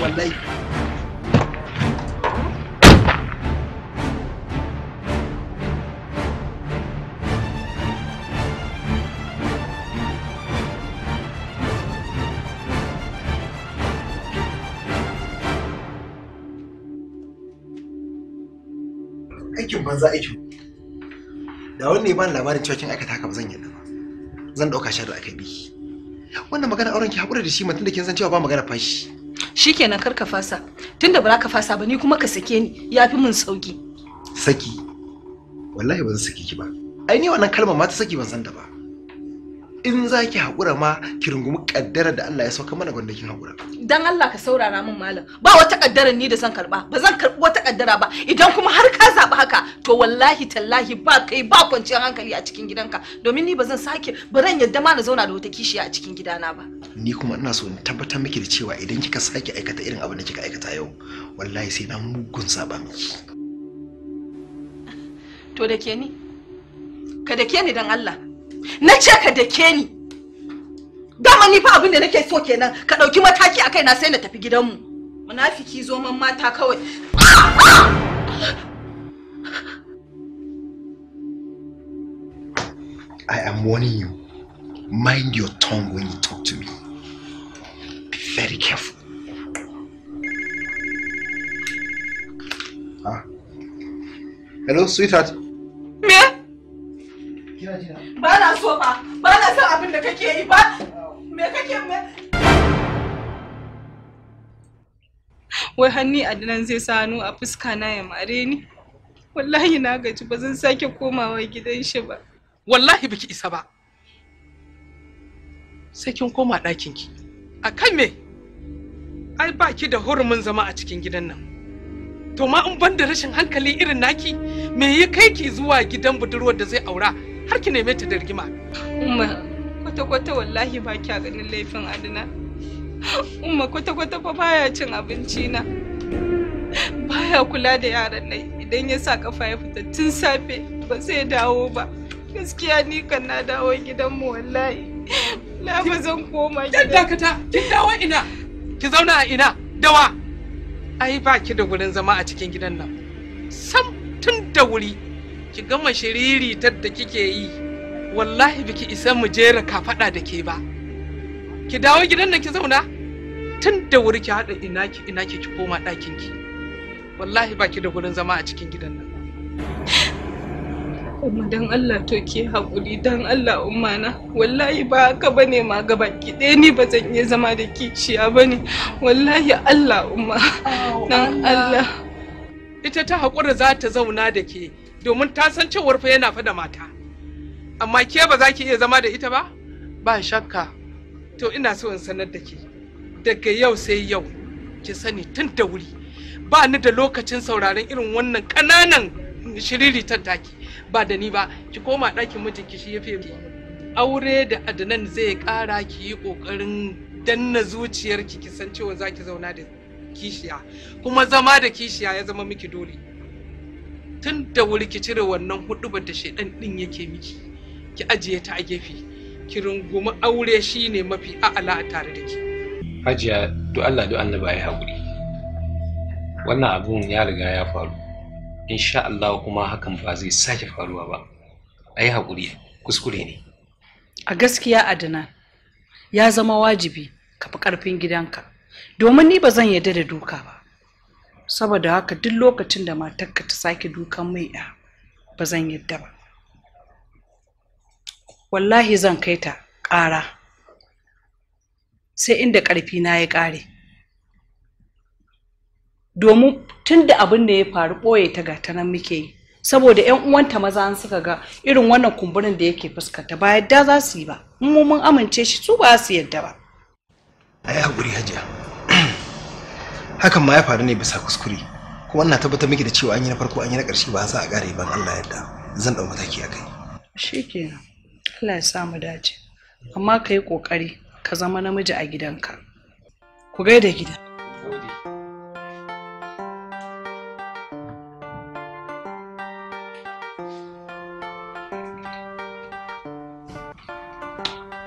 wallahi aikin banza aikin da wani ne bani labarin cewa kin aikata haka ba zan yadda ba zan ɗauka shar da aka bi wannan magana auren ki haƙura da shi mutum da kin san cewa ba magana fashi shikenan kar ka fasa tunda ba ka fasa ba ni kuma ka sake ni yafi mun sauki saki wallahi ban saki ki ba ai ni wannan kalmar ma ta saki ban san ta ba in za ki haƙura ma ki rungumi ƙaddarar da Allah ya sauka mana gwanda kin haƙura. Dan Allah ka saurara min malam ba wata ƙaddarar ni da zan karba ba zan karɓi wata kaddara ba idan kuma har ka zaɓi haka to wallahi tallahi ba kai ba kwanciyar hankali a cikin gidanka domin ni ba zan sake ba ran yadda ma na zauna da wata kishiya a cikin gidana ba. Ni kuma ina so in tabbatar miki da cewa idan kika sake aikata irin abin da kika aikata yau wallahi sai na mugun saba miki. To da ke ni? Ka da ke ni dan Allah. na ce ka dake ni dama ni fa abin da nake so kenan ka dauki mataki a kaina sai na tafi gidanmu munafiki zo man mata kawai I am warning you. Mind your tongue when you talk to me. Be very careful. Huh? Hello, sweetheart. Ba na so ba, ba na son abin da kake yi ba. Me kake me? Wai hanni Adnan zai sanu a fuska na ya mare ni. Wallahi na gaji ba zan sake komawa gidan shi ba. Wallahi biki isa ba. Sai kin koma ɗakin ki. A kan me? Ai ba ki da hurumin zama a cikin gidan nan. To ma in ban da rashin hankali irin naki, me ya kai ki zuwa gidan budurwar da zai aura har ki neme ta da rigima umma kwata kwata wallahi ba kya ganin laifin adina umma kwata kwata ba baya cin abinci na baya kula da yaran nan idan ya sa kafa ya fita tun safe ba zai dawo ba gaskiya ni kan na dawo gidan mu wallahi na ba zan koma gidan dakata kin dawo ina ki zauna a ina dawa ai ba ki da gurin zama a cikin gidan nan sam tun da wuri ki gama shiriritar da kike yi wallahi biki isa mu jera ka fada da ke ba ki dawo gidan nan ki zauna tun da wuri ki haɗa ina ki ina ki koma ɗakin ki wallahi baki da gurin zama a cikin gidan nan umma dan Allah to ke haƙuri dan Allah umma na wallahi ba haka bane ma gaba ki ɗaya ni ba zan iya zama da kiciya bane wallahi Allah umma ah, dan Allah ita ta haƙura za ta zauna da ke domin ta san cewar fa yana fa da mata amma ke ba za ki iya zama da ita ba ba shakka to ina so in sanar da ke daga yau sai yau ki sani tun da wuri ba ni da lokacin sauraron irin wannan ƙananan shiriri take ba da ni ba ki koma ɗakin mijinki shi ya fi aure da adanan zai ƙara ki yi ƙoƙarin danna zuciyarki ki san cewa za ki zauna da kishiya kuma zama da kishiya ya zama miki dole tun da wuri ki cire wannan huɗubar da shaidan din yake miki ki ajiye ta a gefe ki rungumi aure shine mafi a'ala a tare da ki hajiya do Allah do Allah ya hakuri wannan abun ya riga ya faru insha Allah kuma hakan ba zai sake faruwa ba yi hakuri kuskure ne a gaskiya Adnan ya zama wajibi ka fi karfin gidanka domin ni ba zan yarda da duka ba saboda haka duk lokacin da matarka ta sake dukan mai ya ba zan yadda ba wallahi zan kai ta ƙara sai inda ƙarfi na ya ƙare domin tun da abin da ya faru ɓoye ta ga nan muke yi saboda yan uwanta maza an suka ga irin wannan kumburin da yake fuskanta ba yadda za su yi ba mu mun amince shi su ba su yadda ba ai hakuri hajiya hakan ma ya faru ne bisa kuskure kuma ina tabbatar miki da cewa an yi na farko an yi na ƙarshe ba za a ƙare ban Allah yadda zan ɗau mataki a kai Shi shikenan Allah ya sa mu dace amma ka yi ƙoƙari ka zama namiji a gidanka ku gaida gida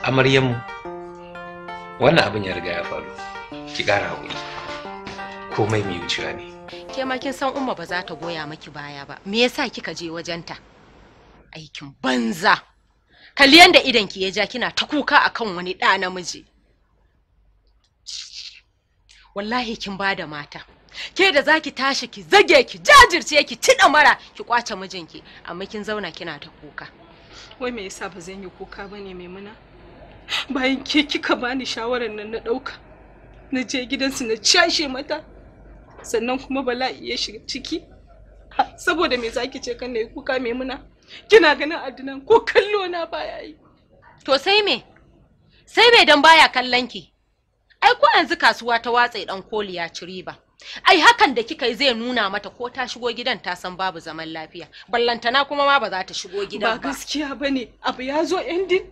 amaryamu wannan abin ya riga ya faru ki ƙara haƙuri komai mai yi ne ke ma kin san umma ba za ta goya maki baya ba me yasa kika je wajenta aikin banza kalli yanda idan ki ya ja kina ta kuka akan wani ɗa namiji wallahi kin ba da mata ke da zaki tashi ki zage ki jajirce ki ci mara ki kwace mijinki amma kin zauna kina ta kuka wai me yasa ba zan yi kuka bane maimuna bayan ke kika bani shawarar nan na dauka na je gidansu na cashe mata sannan kuma bala ya shiga ciki saboda me zaki ce kan ne kuka mai muna kina ganin addinan ko kallo na baya yi to sai me sai me dan baya kallon ki ai ko yanzu kasuwa ta watsa dan koli ya ci riba ai hakan da kika yi zai nuna mata ko ta shigo gidan ta san babu zaman lafiya ballantana kuma ma ba za ta shigo gidan ba ba gaskiya bane abu ya zo ending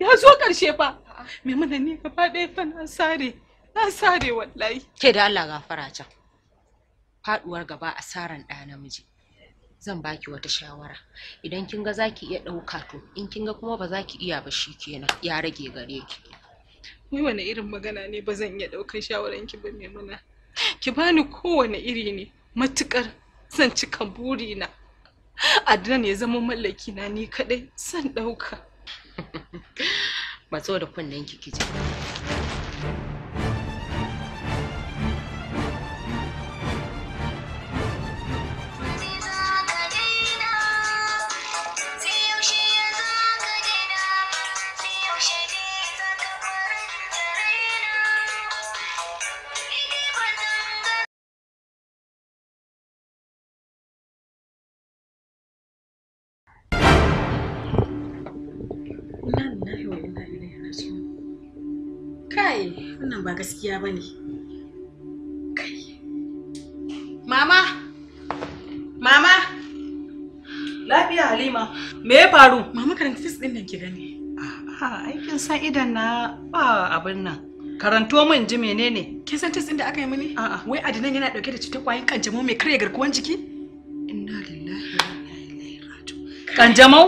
ya zo karshe fa me muna ne gaba ɗaya fa na sare na sare wallahi ke da Allah gafara can faduwar gaba asaran ɗa namiji zan baki wata shawara idan kin ga zaki iya ɗauka to in kin ga kuma ba za ki iya ba shi kenan ya rage gare ki wai wani irin magana ne ba zan iya ɗaukar shawaran ki ba mana? ki bani kowane iri ne matukar zan cika buri burina adnan ya zama mallaki na ni kadai zan ɗauka matso da kunnen ki kije ba gaskiya ba ne mama mama lafiya halima me ya faru mama karanta fis din nan ki gani aikin sa idan na ba abin nan karanto min ji menene kin san tis din da aka yi mini a'a wai adinan yana dauke da cutar kwayin kanjamau mai karya garkuwan jiki inna lillahi wa inna ilaihi raji'un kanjamau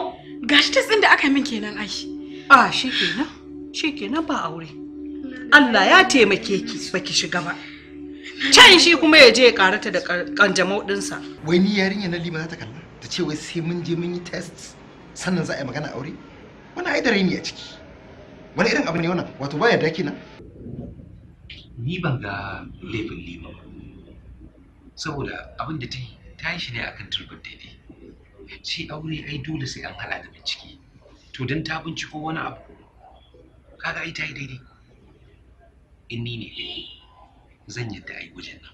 gashi tis din da aka yi min kenan ai a shi kenan ba aure Allah ya taimake ki baki shiga ba can shi kuma ya je ya karata da kanjamau ɗinsa. wai ni yarinya na lima za ta kalla ta ce wai sai mun je mun yi test sannan za a yi magana aure wani ai da raini a ciki wani irin abu ne wannan wato baya daki na ni ban ga laifin lima ba saboda abin da ta yi ta yi shi ne akan turbar daidai shi aure ai dole sai an hala da bincike to don ta binciko wani abu kaga ai ta yi daidai in ni ne eh, zan yadda a yi gwajin nan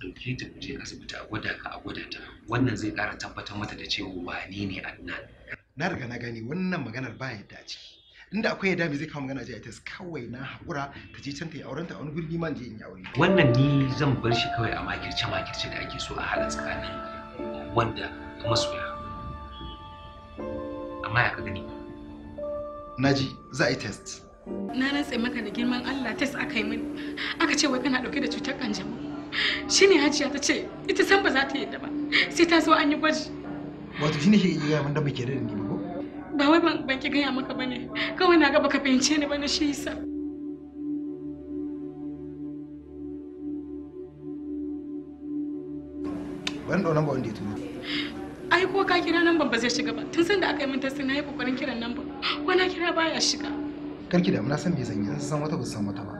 ɗauke ta kuje asibiti a gwada ka a gwada ta wannan zai ƙara tabbatar mata da cewa wani ne a nan. Na riga na gane wannan maganar ba yadda a ciki. Inda akwai yadda zai kawo magana a ta kawai na haƙura ta je can ta yi auren ta a wani gurbi man je in yi aure. Wannan ni zan bar shi kawai a makirce makirce da ake so a halin tsakanin wanda masoya. Amma ya ka gani. Na ji za a yi test. na rantse maka da girman Allah tes aka yi mini aka ce wai kana dauke da cutar kanjamau shine hajiya ta ce ita san ba za ta yadda ba sai ta zo an yi gwaji wato shine shi ya mun da bake da ni ba ko ba wai ban ban ki gaya maka bane kawai na ga baka fahimce ni bane shi yasa ban dau namba wanda ya turo ai ko ka kira namba ba zai shiga ba tun san da aka yi min tasiri na yi kokarin kiran namba ko na kira baya shiga ki damu na san me zan yi san wata ba san wata ba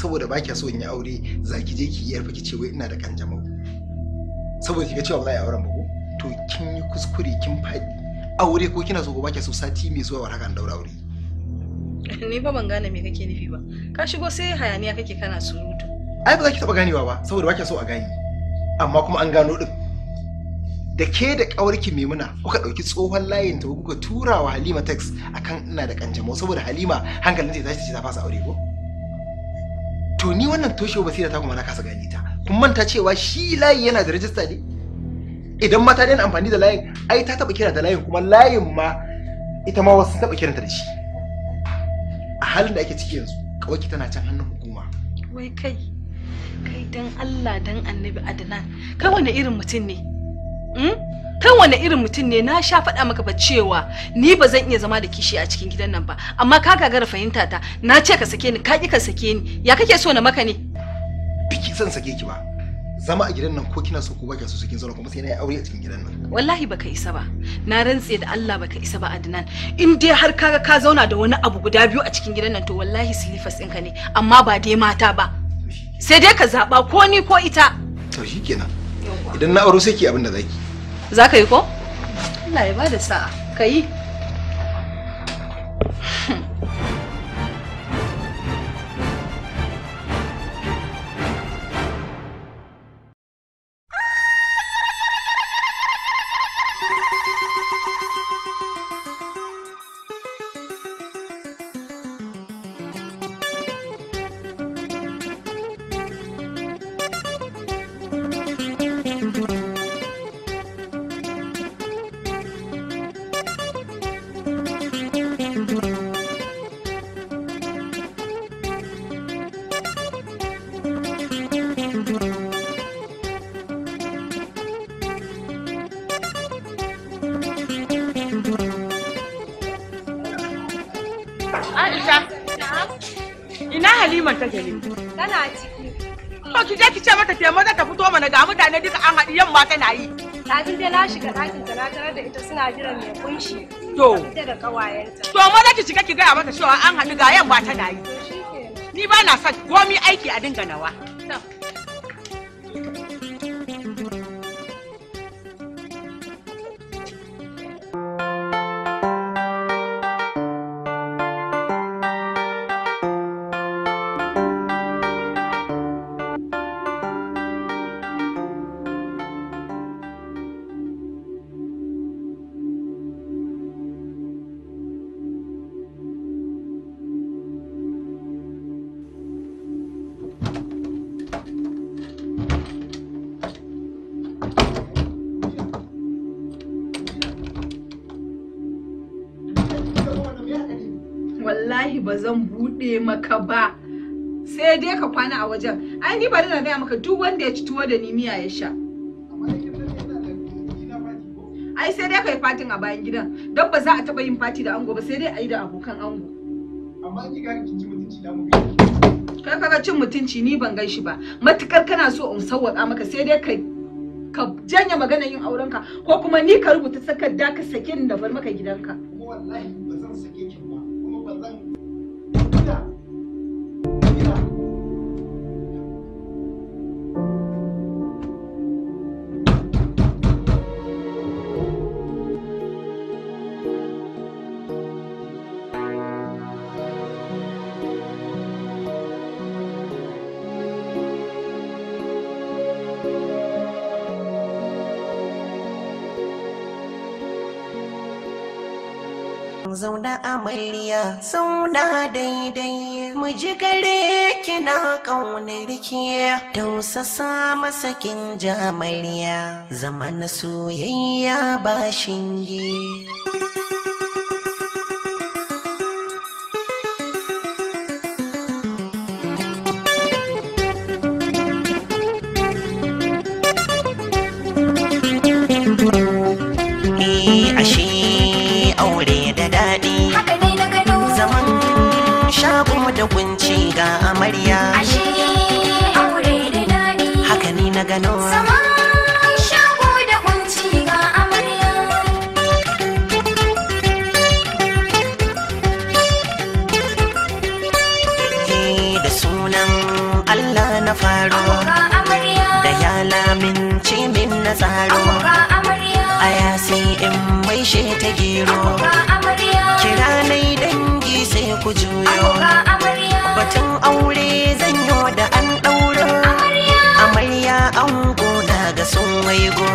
saboda ba kya so in yi aure za ki je ki yi yarfa ki ce wai ina da kanjamau saboda ki ga cewa ba za a yi auren ba ko to kin yi kuskure kin fadi. aure ko kina so ko ba kya so sati mai zuwa wata kan an daura aure ni ba ban gane me kake nufi ba ka shigo sai hayaniya kake kana surutu ai ba za ki taba ganewa ba saboda ba kya so a gane amma kuma an gano din da ke da ƙawarki muna kuka ɗauki tsohon layin ta kuka tura wa halima text akan ina da kanjamau saboda halima hankalin ta ce ta fasa aure ko to ni wannan toshewa basira ta kuma na kasa gane ta kun manta cewa shi layi yana da rajista ne idan mata daina amfani da layin ai ta taba kira da layin kuma layin ma ita ma wasu taba kiranta da shi a halin da ake ciki yanzu kawai tana can hannun hukuma wai kai kai dan Allah dan Annabi Adnan kai wani irin mutum ne hmm? Kan wani irin mutum ne na sha faɗa maka ba cewa ni ba zan iya zama da kishi a cikin gidan nan ba amma ka gagara fahimta ta na ce ka sake ni ka ki ka sake ni ya kake so na maka ne biki zan sake ki ba zama a gidan nan ko kina so ko ba so cikin zauna kuma sai na yi aure a cikin gidan nan wallahi baka isa ba na rantse da Allah baka isa ba Adnan in dai har kaga ka zauna da wani abu guda biyu a cikin gidan nan to wallahi silifas ɗinka ne amma ba dai mata ba sai dai ka zaba ko ni ko ita to shikenan idan na aure sai ki abin da zaki za ka yi ko? Allah ya ba da sa'a ka yi ka taimaka maza ta fito mana ga mutane duka an haɗu yamma tana yi. Kafin dai na shiga ɗakin ta na tarar da ita suna jiran mai kunshi. To. Ita da kawayenta. To maza ki shiga ki gaya mata cewa an haɗu ga yamma tana yi. Ni ba na son komi aiki a dinga nawa. maka ba sai dai ka kwana a wajen ai ni bari na gaya maka duk wanda ya ci tuwo da ni miya ya sha ai sai dai ka yi fatin a bayan gidan don ba za a taba yin fati da ango ba sai dai a yi da abokan ango amma ki ga kin ji mutunci da mu kai kaga cin mutunci ni ban gan shi ba matukar kana so in sawwaka maka sai dai ka ka janye magana yin aurenka ko kuma ni ka rubuta sakar da ka sakin da bar maka gidanka zauna amarya zauna daidai mu ji gare kina ƙaunar ki tausasa masa kin jamarya zama na soyayya ba shinge. mariya ashe aure da daɗi, haka ni na gano sama shago da kunci ga amarya ke da sunan Allah na faro da ya lamince min na tsaro a yasi in maishe ta gero sun waigo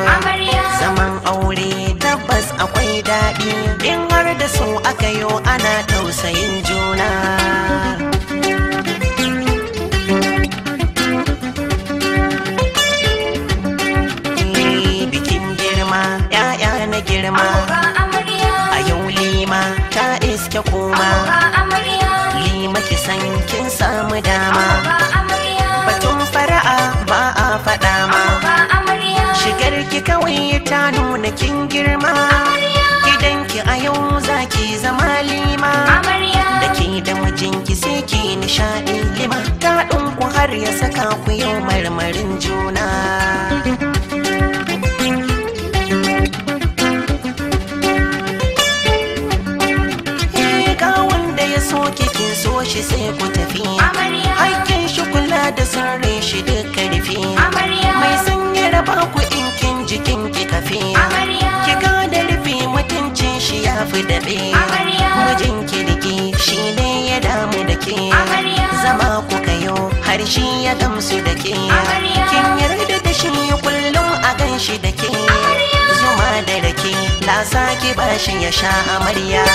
zaman aure tabbas akwai daɗi in har da su aka yo ana tausayin juna bikin girma ya'ya na girma a yau lima ta iske koma lima ki san kin samu dama ki kawai ta nuna kin girma ki a yau za ki zama lima da ke da mijinki sai ki nishaɗi lima ta ku har ya saka ku yau marmarin juna eh, so shi sai ku tafi haƙƙin shi kula da sarre shi da ƙarfi. mai cikin ki tafi ki da rufe mutuncin shi ya fi daɗe mijin kirki shi ne ya damu da ke zama ku kayo har shi ya gamsu da ke kin yarda da shi kullum a gan shi da ke zuma da rake lasa ki bashi ya sha amarya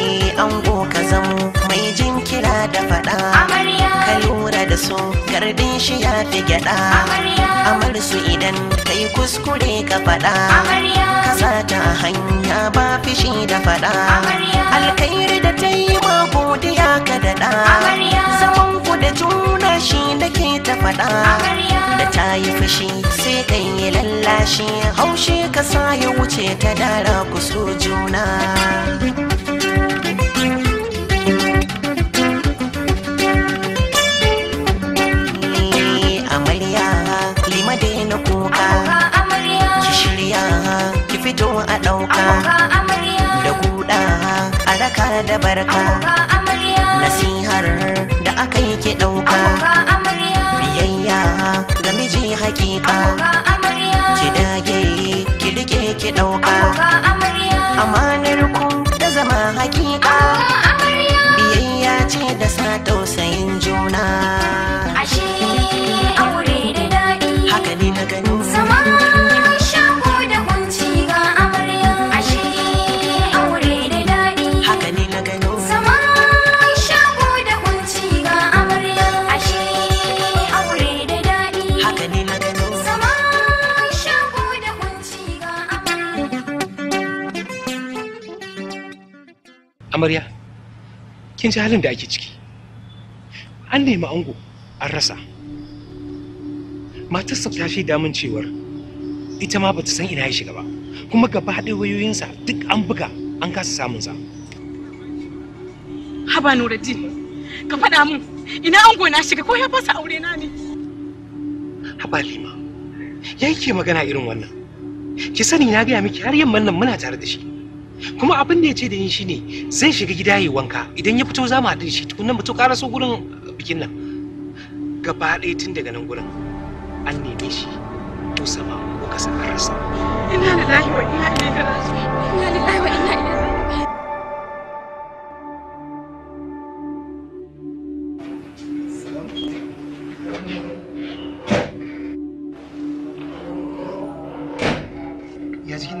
eh, ango ka zamo kai jin kira da faɗa ka lura da su gardin shi ya fi gyaɗa amar su idan kai kuskure ka faɗa ka sata hanya ba fishi da faɗa Alkhairi da ta yi ma godiya ka daɗa zaman ku da juna shi ke ta faɗa da ta yi fushi sai kai yi lallashi haushe ka sa ya wuce ta dara ku so juna to a ɗauka da kuɗa a raka da barka nasihar da aka yi ki ɗauka biyayya ga miji hakika ki dage ki rike ki ɗauka amarya kin ji halin da ake ciki an nemi ango an rasa matarsa ta shaida damun cewar ita ma bata san ina ya shiga ba kuma gaba haɗe wayoyinsa duk an buga an kasa samun sa haba nuruddin ka faɗa mun ina ango na shiga ko ya fasa aure na ne haba lima ya yake magana irin wannan ki sani na gaya miki har yamman nan muna tare da shi kuma abin da ya ce da yin shine zai shiga gida ya wanka idan ya fito za mu haɗu shi tukunan mutu to gurin bikin nan gaba ɗaya tun daga nan gurin an neme shi to sama ko kasa an rasa inna lillahi wa inna ilaihi raji'un inna lillahi wa inna ilaihi Ya jikin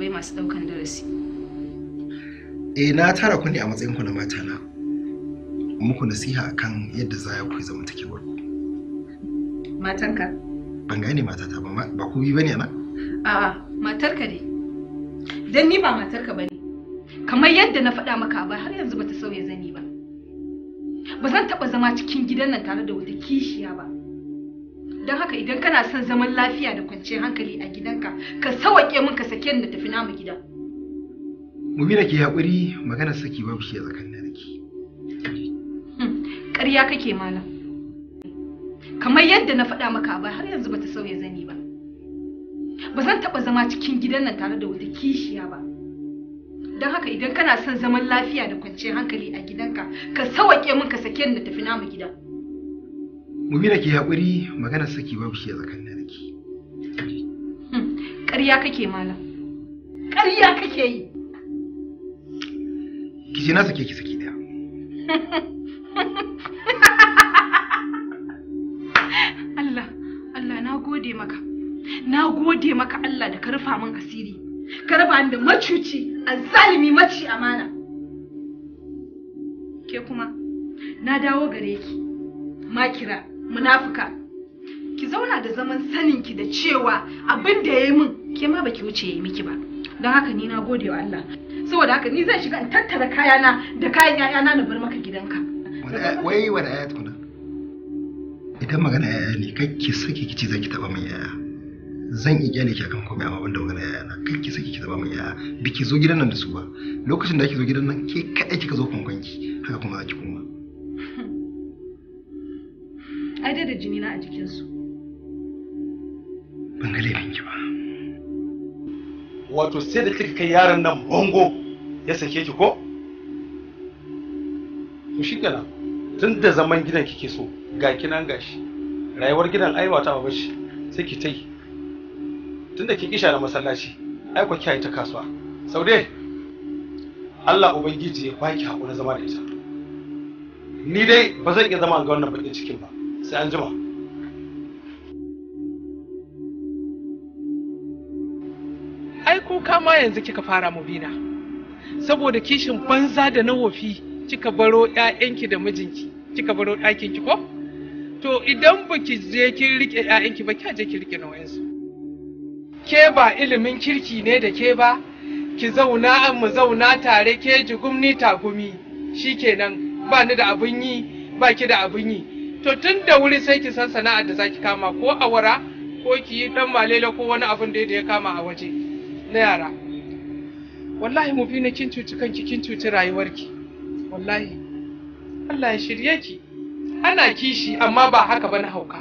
ɗalibai masu ɗaukan darasi. Eh na tara ku ne a matsayin ku na mata na. Muku nasiha akan yadda za ku yi zamantakewar ku. Matanka? Ban gane matata ba ba ku bi bane nan? A'a matarka ne. Dan ni ba matarka bane. Kamar yadda na faɗa maka ba har yanzu bata sauya zani ba. Ba zan taɓa zama cikin gidan nan tare da wata kishiya ba. don haka idan kana son zaman lafiya da kwanciyar hankali a gidanka ka sawaƙe min ka sake ni da tafi namu gida mumira ke haƙuri magana saki babu shi a tsakanin da ke hmm, ƙarya kake malam kamar yadda na faɗa maka ba har yanzu bata sauya zani ba ba zan taɓa zama cikin gidan nan tare da wata kishiya ba don haka idan kana son zaman lafiya da kwanciyar hankali a gidanka ka sawaƙe min ka sake ni da tafi namu gida Mumina ke haƙuri magana saki babu shi a tsakanin da ke. Hmm, ƙarya kake mala. Ƙarya kake yi. Ki ce na sake ki saki ɗaya. Allah, Allah na gode maka. Na gode maka Allah da ka rufa min asiri. Ka raba da macuci, zalimi, maci amana. Ke kuma, na dawo gare ki. makira munafuka ki zauna da zaman saninki da cewa abin da ya yi min ke ma baki wuce ya yi miki ba don haka ni na gode wa Allah saboda haka ni zan shiga in tattara kayana da kayan yayana na bar maka gidanka wai wani aya tukuna idan magana yaya ne kai ki saki kici zaki taba min yaya zan iya kyale ki akan komai amma banda magana yaya na kai ki saki ki taba min yaya biki zo gidan nan da su ba lokacin da kike zo gidan nan ke kadai kika zo kwankwanki haka kuma zaki kuma. ai dai da jini na a jikinsu ban ga ki ba wato sai da kika kai yaron nan bongo ya sake ki ko to shi kenan tun da zaman gidan kike so ga kinan gashi rayuwar gidan ai wata ba bashi sai ki tai tun da kike share da masallaci ai ku kiyaye ta kasuwa saude Allah ubangiji ya baki hakuri zama da ita ni dai ba zan iya zama ga wannan bakin cikin ba sai an jima ai kuka ma yanzu kika fara mu mubina saboda kishin banza da na wofi kika baro 'ya'yanki da mijinki kika baro ɗakinki ko to idan baki je ki rike 'ya'yanki ba kya je ki rike nauyinsu ke ba ilimin kirki ne da ke ba ki zauna an mu zauna tare ke jigumni tagumi shikenan ba ni da abin yi ba ki da abin yi to tun da wuri sai ki san sana'ar da zaki kama ko awara ko ki yi dan malele ko wani abin da ya kama a waje na yara wallahi mu na kin cuci kanki kin cuci rayuwarki wallahi Allah ya shirye ki ana kishi amma ba haka ba na hauka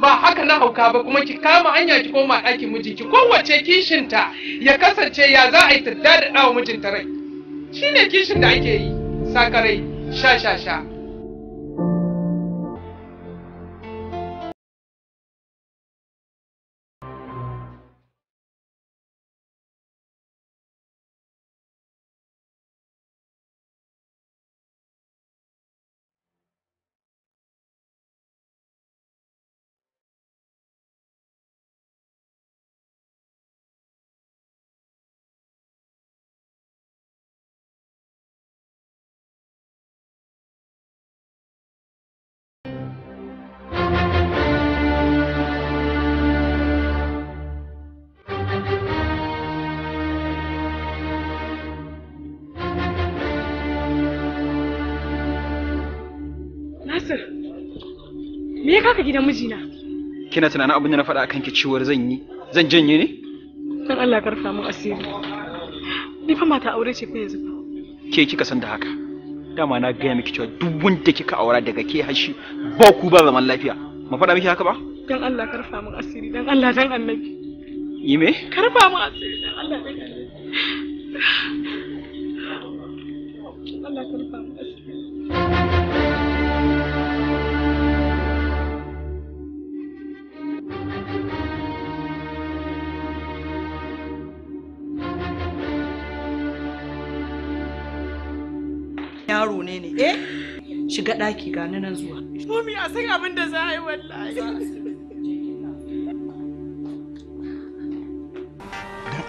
ba haka na hauka ba kuma ki kama hanya ki koma ɗakin mijinki kowace kishinta ya kasance ya za a yi tadda da ɗawa mijinta rai shine kishin da ake yi sakarai sha sha sha k'a kaka gidan mijina kina tunanin abin da na faɗa akan ki ciwar zan yi zan janye ne dan Allah karfa mun asiri ni fa mata aure ce fa yanzu ke kika san da haka dama na gaya miki cewa duk wanda kika aura daga ke hashi ba ku ba zaman lafiya ma faɗa miki haka ba dan Allah karfa mun asiri dan Allah dan annabi yi me karfa mu asiri dan Allah dan annabi Allah karfa asiri yaro ne ne eh shiga ɗaki ga nan zuwa mami a san abin da za a yi wallahi dan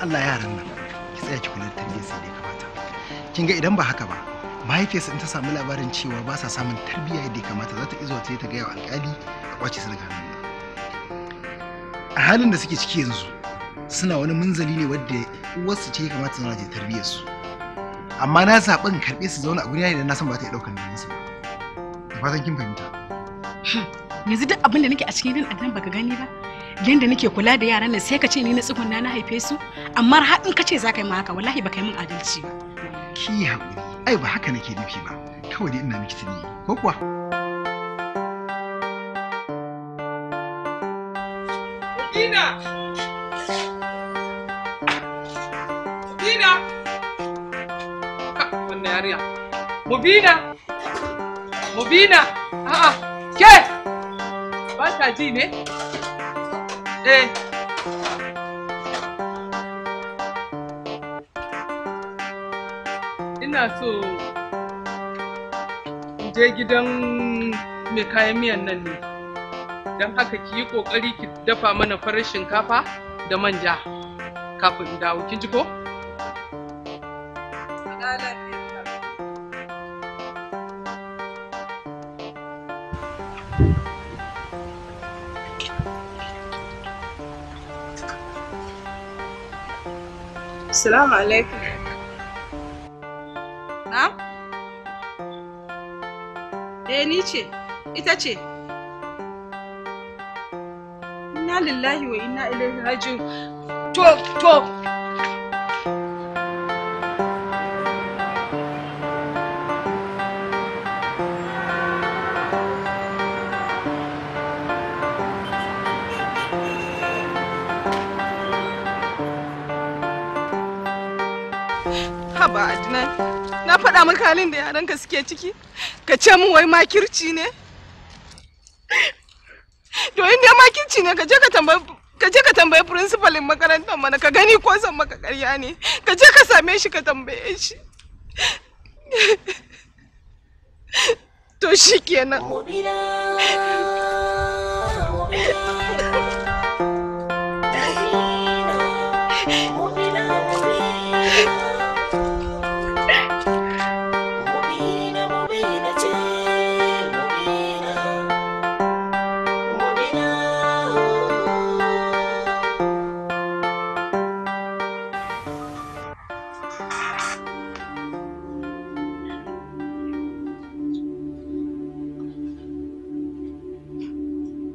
Allah yaran nan ki tsaya ki kula da tarbiyyar sai dai kamata kin ga idan ba haka ba mahaifiyarsa in ta samu labarin cewa ba sa samun tarbiyya yadda ya kamata za ta izo ta yi ta gaya wa alƙali a kwace su daga hannun a halin da suke ciki yanzu suna wani munzali ne wadda uwarsu ce ya kamata su zauna tarbiyyar su amma na zaɓi in karɓe su zauna a guri idan na san ba ta iya ɗaukar nauyinsu ba da fatan kin fahimta yanzu duk abin da nake a cikin a nan baka gani ba yanda nake kula da yaran nan sai ka ce ni na tsugunna na haife su amma har in ka ce za ka yi ma haka wallahi baka yi min adalci ba ki haƙuri ai ba haka nake nufi ba kawai dai ina miki tuni ko kuwa Ina! yarinya mubina mubina a'a ke ba ta ji ne eh ina so je gidan mai kayan miyan nan ne don haka kiyi yi ƙoƙari ki dafa mana farar shinkafa da manja kafin dawo kin ji ko? Assalamu alaikum. Na'am? Eh ni ce, ita ce. Inna lillahi wa ina ilaihi raji'un. To, faɗa maka halin da yaranka suke ciki ka ce mu wai makirci ne to in dai makirci ne ka je ka tambayi ka je ka tambayi principalin makarantar mana ka gani ko san maka ƙarya ne ka je ka same shi ka tambaye shi to shikenan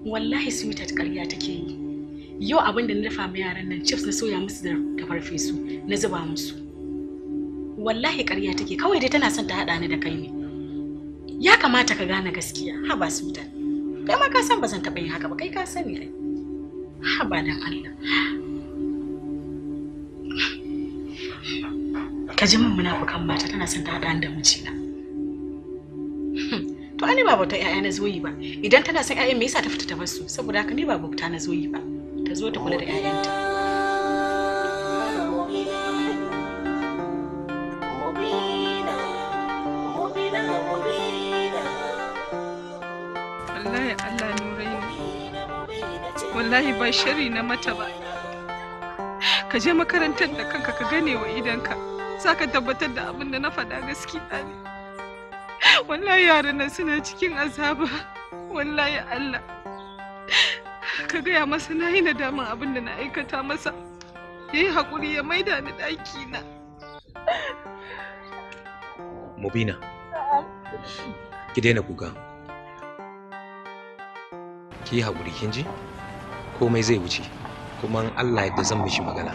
wallahi sweetheart ƙarya take yi yau abin da na dafa ma yaran nan chips na soya musu da tafarfe su na zuba musu wallahi ƙarya take kawai dai tana son ta haɗa ni da kai ne ya kamata ka gane gaskiya ha ba sweetheart kai ma ka san ba zan taɓa yin haka ba kai ka sani ai ba dan Allah ka ji min munafukan mata tana son ta haɗa ni da mijina ni ba bauta ƴaƴa na zoyi ba idan tana son ƴaƴan me yasa ta fita ta bar su saboda haka ni ba bauta na zoyi ba ta zo ta kula da ƴaƴanta wallahi Allah nurai wallahi ba shiri na mata ba ka je makarantar da kanka ka gane wa idanka za ka tabbatar da abin da na faɗa gaskiya ne wallahi yaran nan suna cikin azaba wallahi Allah ka gaya masa na yi nadamin abin da na aikata masa ya yi haƙuri ya maida ni ɗaki na mubina ki daina kuka ki yi haƙuri kin ji komai zai wuce kuma Allah yadda zan mishi magana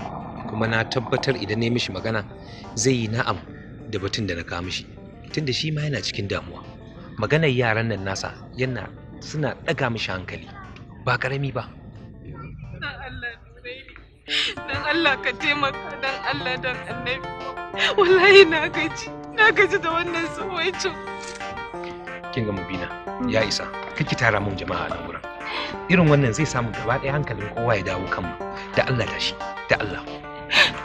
kuma na tabbatar idan ne mishi magana zai yi na'am da batun da na kawo mishi tunda shi ma yana cikin damuwa maganar yaran nan nasa yana suna ɗaga mishi hankali ba ƙarami ba dan Allah ka taimaka dan Allah dan annabi wallahi na gaji na gaji da wannan tsawaicin kin ga mubina ya isa kake tara mun jama'a nan gurin irin wannan zai samu gaba ɗaya hankalin kowa ya dawo kanmu da Allah tashi da Allah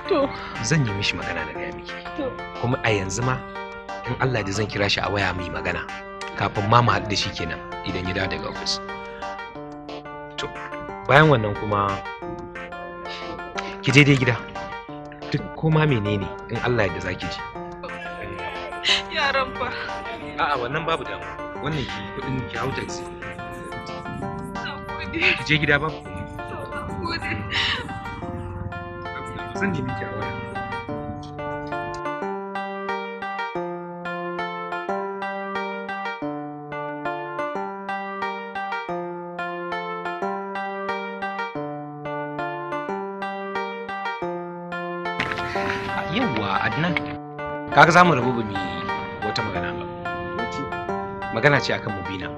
to zan yi mishi magana da gaya miki kuma a yanzu ma in Allah da zan kira shi a waya mai magana kafin ma mu haɗu da shi kenan idan ya dawo daga ofis to bayan wannan kuma ki je dai gida duk koma menene in Allah da zaki ji yaran fa a a wannan babu da wannan ki kudin ki hau taxi ki je gida babu zan nemi ki a waya kaga zamu rabu ba mu wata magana ba magana ce akan mubina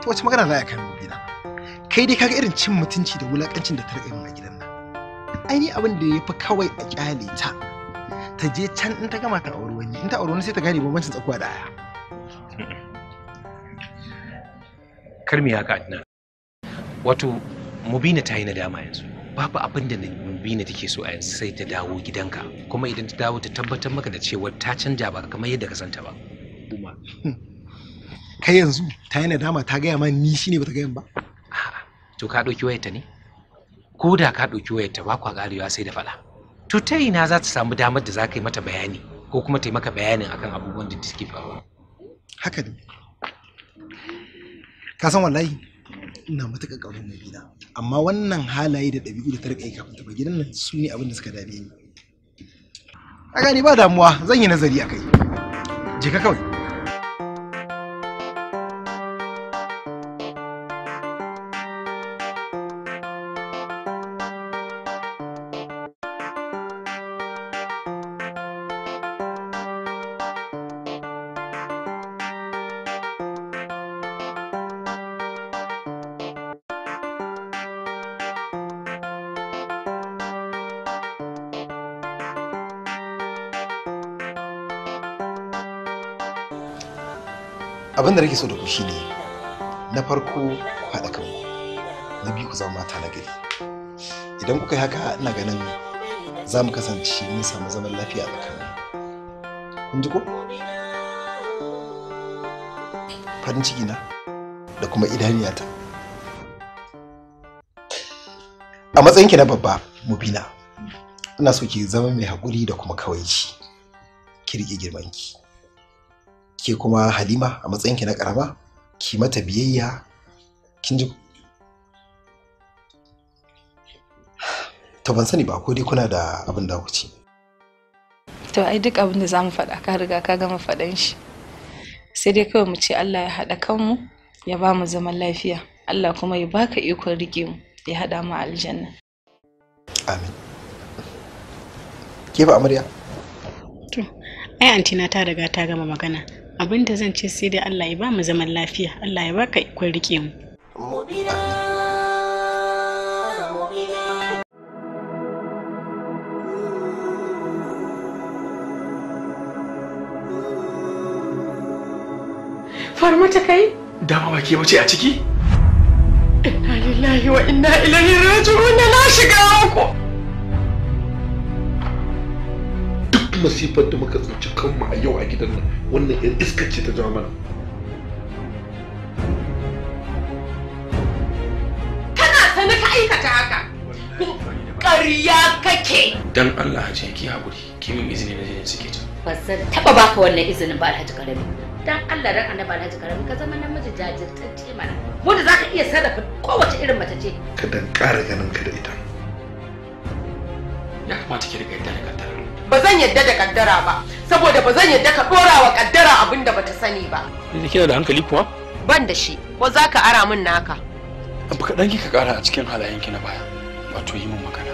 to wace magana za a kan mubina kai dai kaga irin cin mutunci da wulakancin da ta rika a gidan nan ai ni abin da yafi kawai a kyale ta ta je can in ta gama ta auri wani in ta auri wani sai ta gane bambancin tsakuwa da aya kar mu haka adnan wato mubina ta yi nadama yanzu babu abin da mubina take so a yanzu sai ta dawo gidanka kuma idan ta dawo ta tabbatar maka da cewa ta canja ba kamar yadda ka santa ba kai yanzu ta yi nadama ta gaya ma ni shine ta gaya ba to ka ɗauki wayarta ne ko da ka ɗauki wayarta ba kwa ƙarewa sai da faɗa to ta ina za ta samu damar da za ka yi mata bayani ko kuma ta yi maka bayanin akan abubuwan da suke faruwa haka ne ka san wallahi ina matuƙar ƙaunar mai gida amma wannan halaye da ɗabi'u da ta riƙa yi kafin ta gidan nan su ne abin da suka dame ni a gani ba damuwa zan yi nazari a kai je ka kawai nake so da ku shine na farko haɗa kanku na biyu ku zama mata na gari idan kuka yi haka ina ganin za mu kasance mun samu zaman lafiya kanku kun ji ko farin ciki na da kuma ta a matsayinki na babba mubina ina so ki zama mai haƙuri da kuma kawaici ki rike girmanki ke kuma halima a matsayinki na karama ki mata biyayya kin ji to ban sani ba ko dai kuna da abin da ku to ai duk abin da zamu faɗa ka riga ka gama faɗan shi sai dai kawai mu ce Allah ya haɗa kanmu ya ba mu zaman lafiya Allah kuma ya baka ikon rike mu ya haɗa mu aljanna amin ke ba amarya to ai antina ta riga ta gama magana abin da zan ce sai dai Allah ya ba mu zaman lafiya Allah ya baka ikon rike mu Farmata kai? Dama ba ke bace a ciki? Inna lillahi wa inna ilaihi raji'un na shiga muku. masifar da muka tsinci kanmu a yau a gidan nan wannan yan iska ce ta jawo mana kana sani ka aikata haka ƙarya kake dan Allah hajiya ki haƙuri ki min izini na jinin suke can ba zan taɓa baka wannan izinin ba alhaji karami dan Allah dan annabi alhaji karami ka zama namiji jajirtacce mana wanda zaka iya sarrafa kowace irin mace ce ka dan ƙara ganin ka da ita ya kamata ki riga ba zan yadda da kaddara ba saboda ba zan yadda ka dora wa kaddara abin da bata sani ba kina da hankali kuwa ban da shi ko zaka ara min naka abu kaɗan ka kara a cikin halayenki na baya wato yi min magana